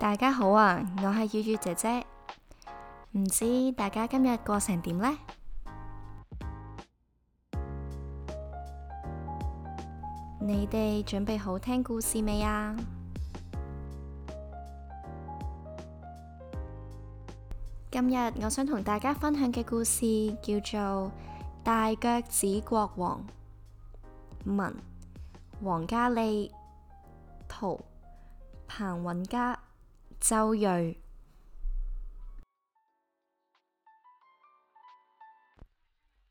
大家好啊，我係月月姐姐，唔知大家今日過成點呢？你哋準備好聽故事未啊？今日我想同大家分享嘅故事叫做《大腳趾國王》，文王嘉麗，圖彭雲嘉。周睿，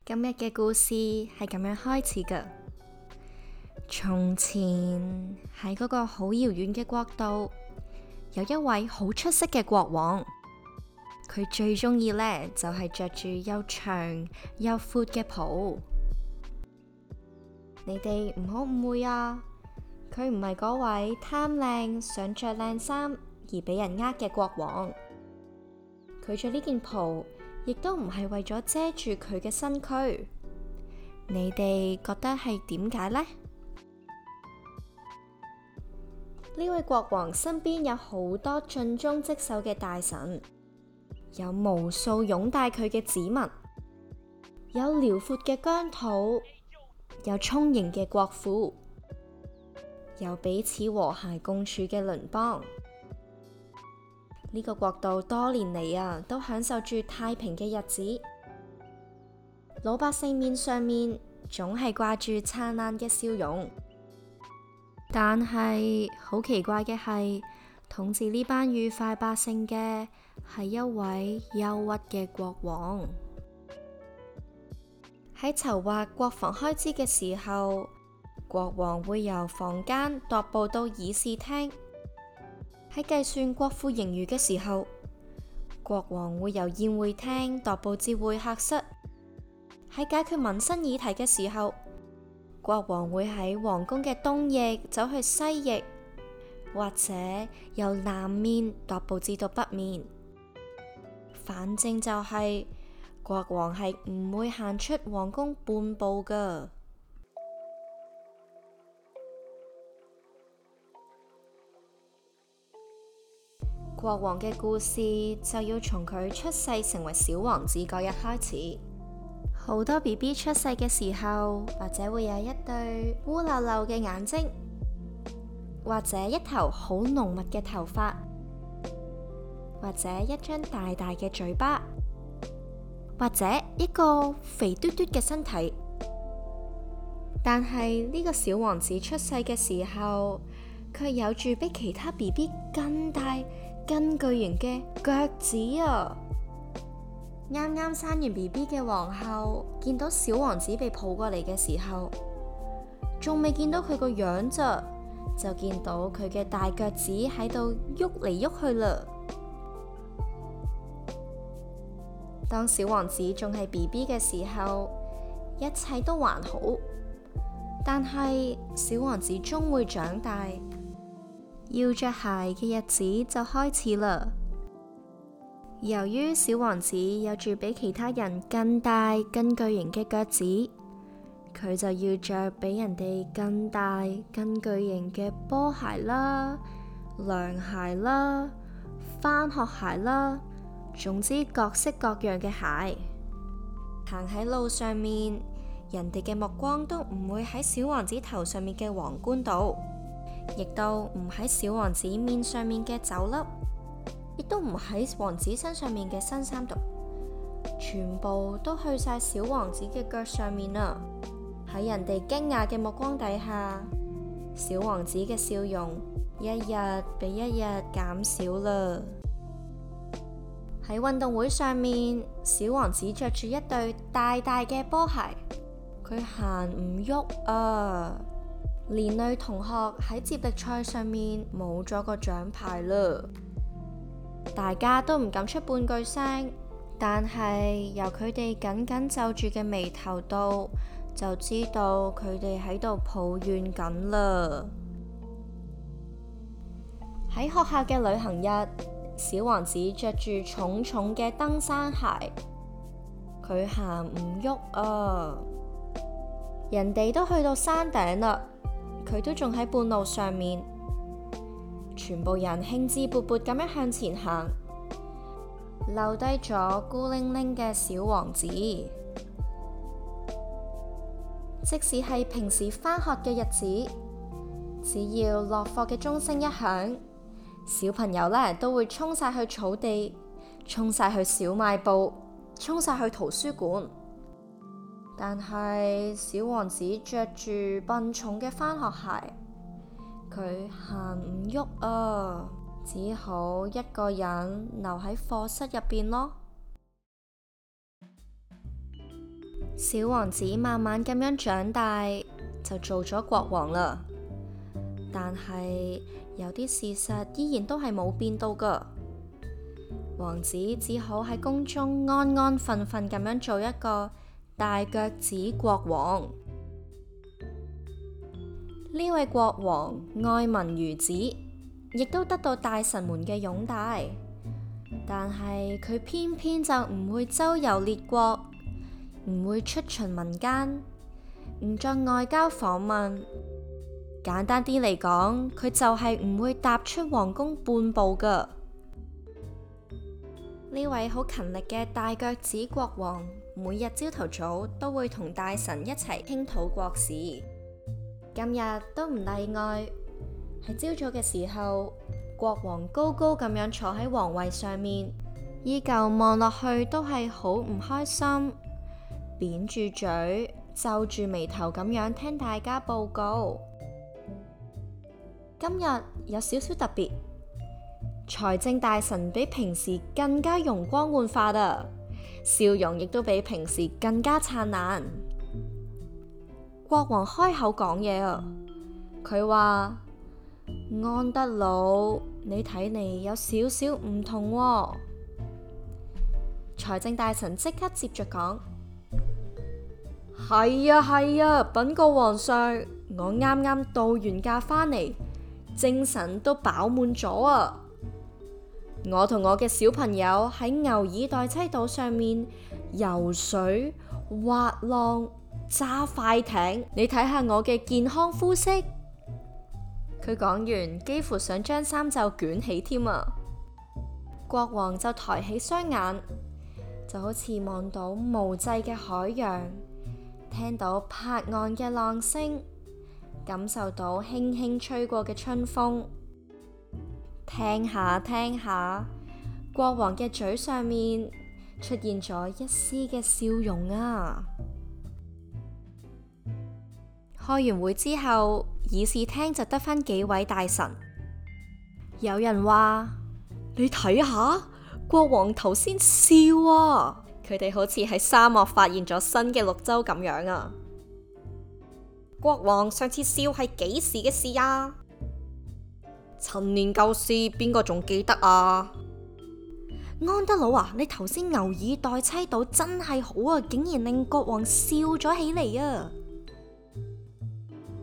今日嘅故事係咁樣開始噶。從前喺嗰個好遙遠嘅國度，有一位好出色嘅國王，佢最中意呢就係着住又長又闊嘅袍。你哋唔好誤會啊，佢唔係嗰位貪靚想着靚衫。而俾人呃嘅國王，佢着呢件袍，亦都唔係為咗遮住佢嘅身軀。你哋覺得係點解呢？呢位國王身邊有好多盡忠職守嘅大臣，有無數擁戴佢嘅子民，有遼闊嘅疆土，有充盈嘅國庫，有彼此和諧共處嘅鄰邦。呢個國度多年嚟啊，都享受住太平嘅日子，老百姓面上面總係掛住燦爛嘅笑容。但係好奇怪嘅係，統治呢班愉快百姓嘅係一位憂鬱嘅國王。喺籌劃國防開支嘅時候，國王會由房間踱步到議事廳。喺計算國庫盈餘嘅時候，國王會由宴會廳踱步至會客室；喺解決民生議題嘅時候，國王會喺皇宮嘅東翼走去西翼，或者由南面踱步至到北面。反正就係、是、國王係唔會行出皇宮半步㗎。國王嘅故事就要從佢出世成為小王子嗰日開始。好多 BB 出世嘅時候，或者會有一對烏溜溜嘅眼睛，或者一頭好濃密嘅頭髮，或者一張大大嘅嘴巴，或者一個肥嘟嘟嘅身體。但係呢個小王子出世嘅時候，卻有住比其他 BB 更大。根巨型嘅腳趾啊，啱啱生完 B B 嘅皇后見到小王子被抱過嚟嘅時候，仲未見到佢個樣啫，就見到佢嘅大腳趾喺度喐嚟喐去嘞。當小王子仲係 B B 嘅時候，一切都還好，但係小王子終會長大。要着鞋嘅日子就開始啦。由於小王子有住比其他人更大更巨型嘅腳趾，佢就要着比人哋更大更巨型嘅波鞋啦、涼鞋啦、返學鞋啦，總之各式各樣嘅鞋。行喺路上面，人哋嘅目光都唔會喺小王子頭上面嘅皇冠度。亦都唔喺小王子面上面嘅酒粒，亦都唔喺王子身上面嘅新衫度，全部都去晒小王子嘅腳上面啦。喺人哋驚訝嘅目光底下，小王子嘅笑容一日比一日減少啦。喺運動會上面，小王子着住一對大大嘅波鞋，佢行唔喐啊！連累同學喺接力賽上面冇咗個獎牌嘞，大家都唔敢出半句聲，但係由佢哋緊緊皺住嘅眉頭度，就知道佢哋喺度抱怨緊嘞。喺學校嘅旅行日，小王子着住重重嘅登山鞋，佢行唔喐啊！人哋都去到山頂啦。佢都仲喺半路上面，全部人興致勃勃咁樣向前行，留低咗孤零零嘅小王子。即使係平時翻學嘅日子，只要落課嘅鐘聲一響，小朋友咧都會衝晒去草地，衝晒去小賣部，衝晒去圖書館。但係小王子着住笨重嘅返學鞋，佢行唔喐啊，只好一個人留喺課室入邊咯。小王子慢慢咁樣長大，就做咗國王啦。但係有啲事實依然都係冇變到噶，王子只好喺宮中安安分分咁樣做一個。大腳趾國王呢位國王愛民如子，亦都得到大臣們嘅擁戴，但係佢偏偏就唔會周遊列國，唔會出巡民間，唔做外交訪問。簡單啲嚟講，佢就係唔會踏出皇宮半步㗎。呢位好勤力嘅大腳趾國王。每日朝頭早都會同大臣一齊傾討國事，今日都唔例外。喺朝早嘅時候，國王高高咁樣坐喺皇位上面，依舊望落去都係好唔開心，扁住嘴，皺住眉頭咁樣聽大家報告。今日有少少特別，財政大臣比平時更加容光煥發啊！笑容亦都比平時更加燦爛。國王開口講嘢啊，佢話：安德魯，你睇嚟有少少唔同喎。財政大臣即刻接着講：係啊係啊，稟告皇上，我啱啱度完假返嚟，精神都飽滿咗啊！我同我嘅小朋友喺牛耳代妻島上面游水、滑浪、揸快艇，你睇下我嘅健康膚色。佢講完，幾乎想將衫袖捲起添啊！國王就抬起雙眼，就好似望到無際嘅海洋，聽到拍岸嘅浪聲，感受到輕輕吹過嘅春風。聽下聽下，國王嘅嘴上面出現咗一絲嘅笑容啊！開完會之後，議事廳就得返幾位大臣。有人話：「你睇下，國王頭先笑啊！佢哋好似喺沙漠發現咗新嘅綠洲咁樣啊！國王上次笑係幾時嘅事啊？陳年舊事，邊個仲記得啊？安德魯啊，你頭先牛耳代妻島真係好啊，竟然令國王笑咗起嚟啊！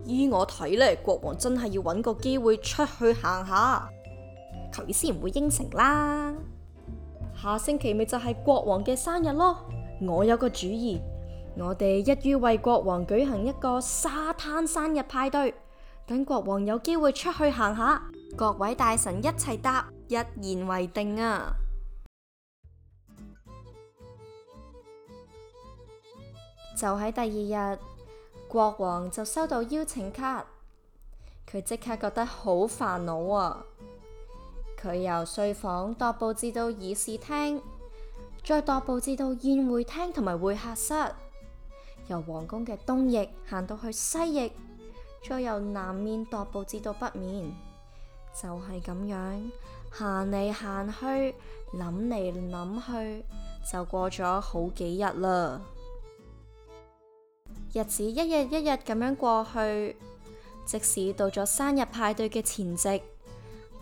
依我睇呢，國王真係要搵個機會出去行下，佢先唔會應承啦。下星期咪就係國王嘅生日咯。我有個主意，我哋一於為國王舉行一個沙灘生日派對，等國王有機會出去行下。各位大臣一齊答，一言為定啊！就喺第二日，國王就收到邀請卡，佢即刻覺得好煩惱啊！佢由睡房踱步至到議事廳，再踱步至到宴會廳同埋會客室，由皇宮嘅東翼行到去西翼，再由南面踱步至到北面。就係咁樣行嚟行去，諗嚟諗去，就過咗好幾日啦。日子一日一日咁樣過去，即使到咗生日派對嘅前夕，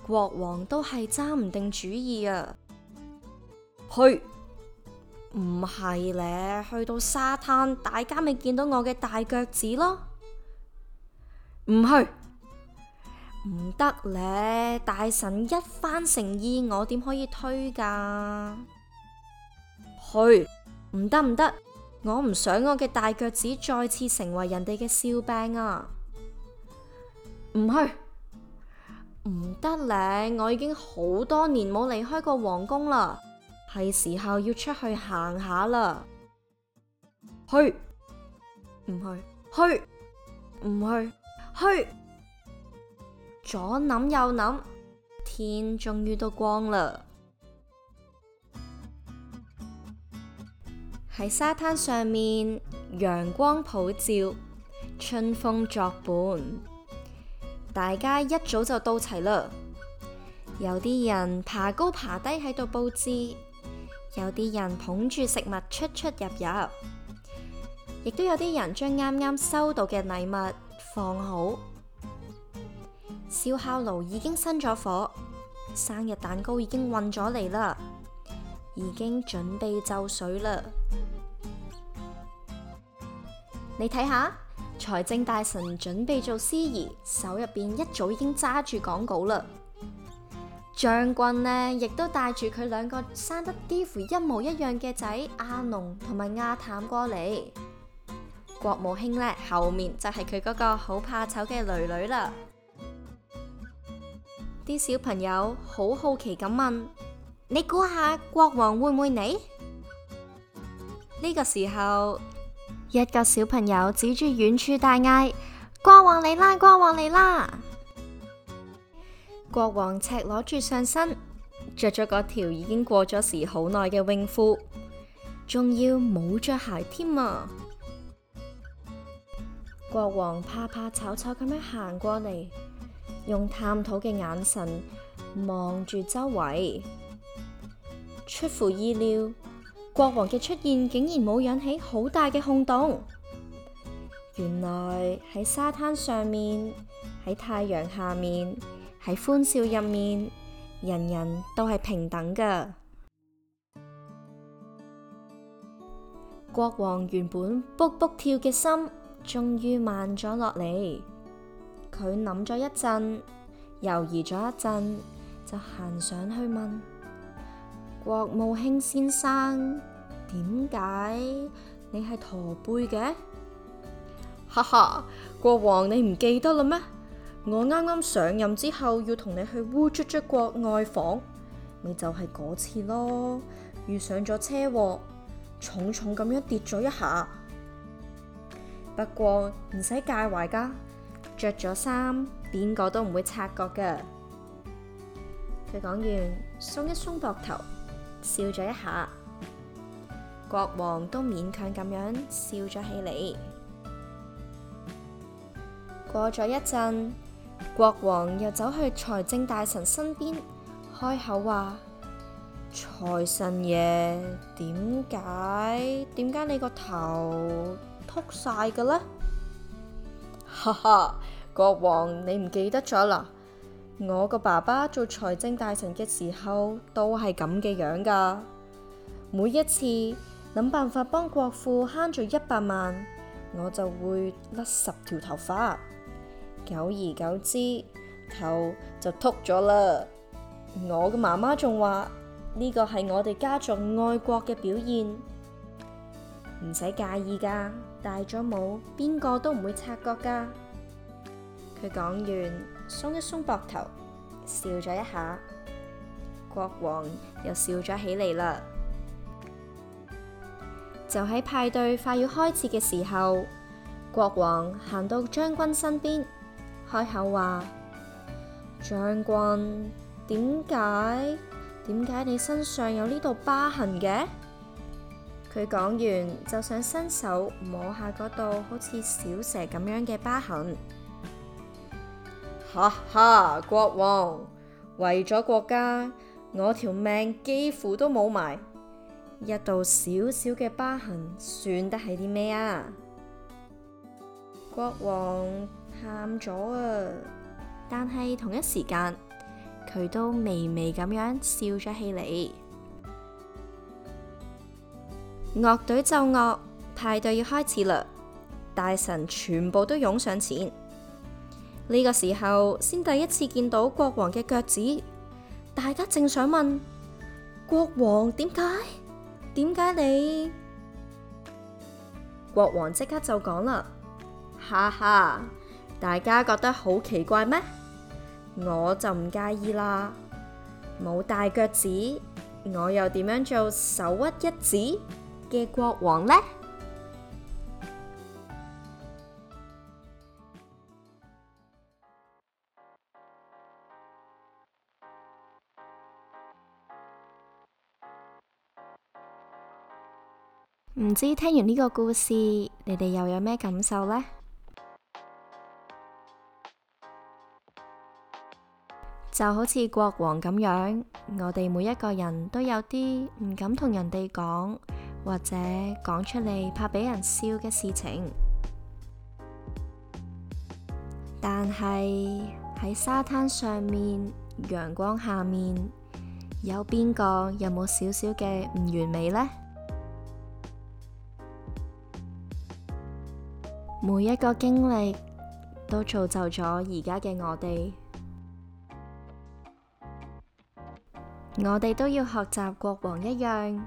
國王都係揸唔定主意啊。去，唔係咧，去到沙灘，大家咪見到我嘅大腳趾咯。唔去。唔得咧，大臣一番誠意，我點可以推噶？去，唔得唔得，我唔想我嘅大腳趾再次成為人哋嘅笑柄啊！唔去，唔得咧，我已經好多年冇離開過皇宮啦，係時候要出去行下啦。去，唔去，去，唔去，去左諗右諗，天終於都光啦。喺沙灘上面，陽光普照，春風作伴，大家一早就到齊啦。有啲人爬高爬低喺度布置，有啲人捧住食物出出入入，亦都有啲人將啱啱收到嘅禮物放好。燒烤爐已經生咗火，生日蛋糕已經運咗嚟啦，已經準備就緒啦。你睇下，財政大臣準備做司儀，手入邊一早已經揸住講稿啦。將軍呢亦都帶住佢兩個生得幾乎一模一樣嘅仔阿龍同埋阿淡過嚟。國務卿呢後面就係佢嗰個好怕醜嘅女女啦。啲小朋友好好奇咁問：你估下國王會唔會嚟？呢個時候，一個小朋友指住遠處大嗌：國王嚟啦！國王嚟啦！國王赤裸住上身，着咗嗰條已經過咗時好耐嘅泳褲，仲要冇着鞋添啊！國王怕怕醜醜咁樣行過嚟。用探討嘅眼神望住周圍，出乎意料，國王嘅出現竟然冇引起好大嘅轟動。原來喺沙灘上面，喺太陽下面，喺歡笑入面，人人都係平等㗎。國王原本卜卜跳嘅心，終於慢咗落嚟。佢諗咗一陣，猶豫咗一陣，就行上去問國務卿先生：點解你係駝背嘅？哈哈，國王你唔記得啦咩？我啱啱上任之後要同你去烏卒卒國外訪，咪就係嗰次咯，遇上咗車禍，重重咁樣跌咗一下。不過唔使介懷噶。着咗衫，邊個都唔會察覺噶。佢講完，鬆一鬆膊頭，笑咗一下。國王都勉強咁樣笑咗起嚟。過咗一陣，國王又走去財政大臣身邊，開口話：財神爺，點解？點解你個頭禿晒噶咧？哈哈，國王，你唔記得咗啦？我個爸爸做財政大臣嘅時候都係咁嘅樣噶。每一次諗辦法幫國庫慳咗一百萬，我就會甩十條頭髮。久而久之，頭就禿咗啦。我個媽媽仲話呢個係我哋家族愛國嘅表現，唔使介意噶。戴咗帽，邊個都唔會察覺噶。佢講完，鬆一鬆膊頭，笑咗一下。國王又笑咗起嚟啦。就喺派對快要開始嘅時候，國王行到將軍身邊，開口話：將軍，點解點解你身上有呢道疤痕嘅？佢講完就想伸手摸下嗰度好似小蛇咁樣嘅疤痕。哈哈，國王，為咗國家，我條命幾乎都冇埋，一道小小嘅疤痕，算得係啲咩啊？國王喊咗啊，但係同一時間，佢都微微咁樣笑咗起嚟。樂隊奏樂，派對要開始啦！大臣全部都湧上前，呢、這個時候先第一次見到國王嘅腳趾，大家正想問國王點解？點解你？國王即刻就講啦，哈哈！大家覺得好奇怪咩？我就唔介意啦，冇大腳趾，我又點樣做首屈一指？嘅國王呢？唔知聽完呢個故事，你哋又有咩感受呢？就好似國王噉樣，我哋每一個人都有啲唔敢同人哋講。或者講出嚟怕俾人笑嘅事情，但係喺沙灘上面、陽光下面，有邊個有冇少少嘅唔完美呢？每一個經歷都造就咗而家嘅我哋，我哋都要學習國王一樣，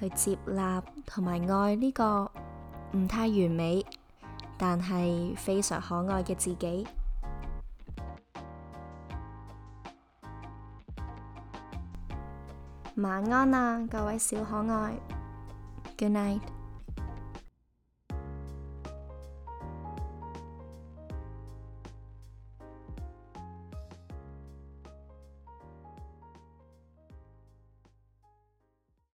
去接納同埋愛呢個唔太完美但係非常可愛嘅自己。晚安啊，各位小可愛。Good night。